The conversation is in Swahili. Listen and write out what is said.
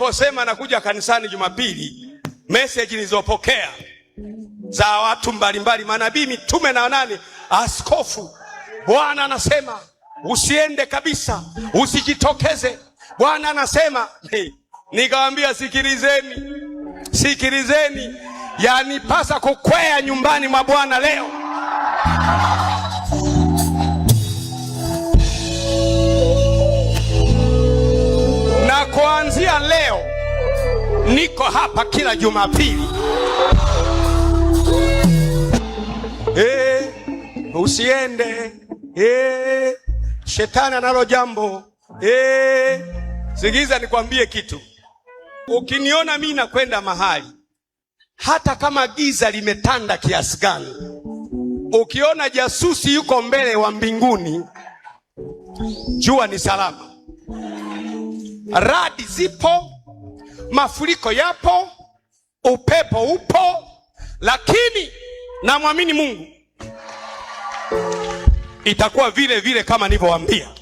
niliposema nakuja kanisani Jumapili, message nilizopokea za watu mbalimbali, manabii, mitume na nani, askofu, Bwana anasema usiende kabisa, usijitokeze. Bwana anasema hey. Nikawambia sikilizeni, sikilizeni, yanipasa kukwea nyumbani mwa Bwana leo kuanzia leo niko hapa kila Jumapili. Eh, usiende. Eh, shetani analo jambo. Eh, sikiza nikwambie kitu. Ukiniona mimi nakwenda mahali hata kama giza limetanda kiasi gani, ukiona jasusi yuko mbele wa mbinguni, jua ni salama radi zipo, mafuriko yapo, upepo upo, lakini namwamini Mungu itakuwa vile vile kama nilivyowaambia.